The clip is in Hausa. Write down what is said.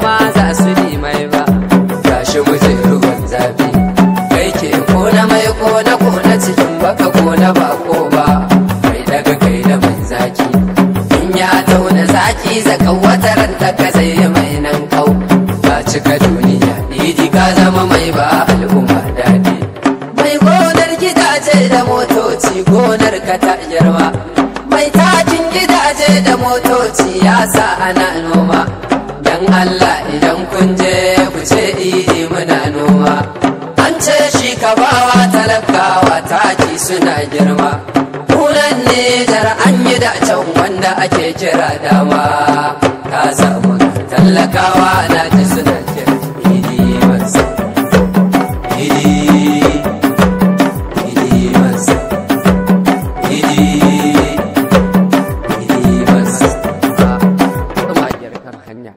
ma za su ni mai ba gashi muje ruwan zafi kai ke kona mai kona kona cikin baka kona ba ko ba kai daga kai da mai zaki in ya tauna zaki zaka wata ranta ka zai mai nan kau Ba cika duniya idi ka zama mai ba al'umma dadi. mai gonar gidaje da motoci gonar ka ta yarwa mai takin gidaje da motoci ya sa ana noma Allah idan kun je ku ce idi muna noma an ce shi ka bawa talakawa taki suna girma kunan ne dar an yi dacen wanda ake kira dama ka samu talakawa na ji suna 人家。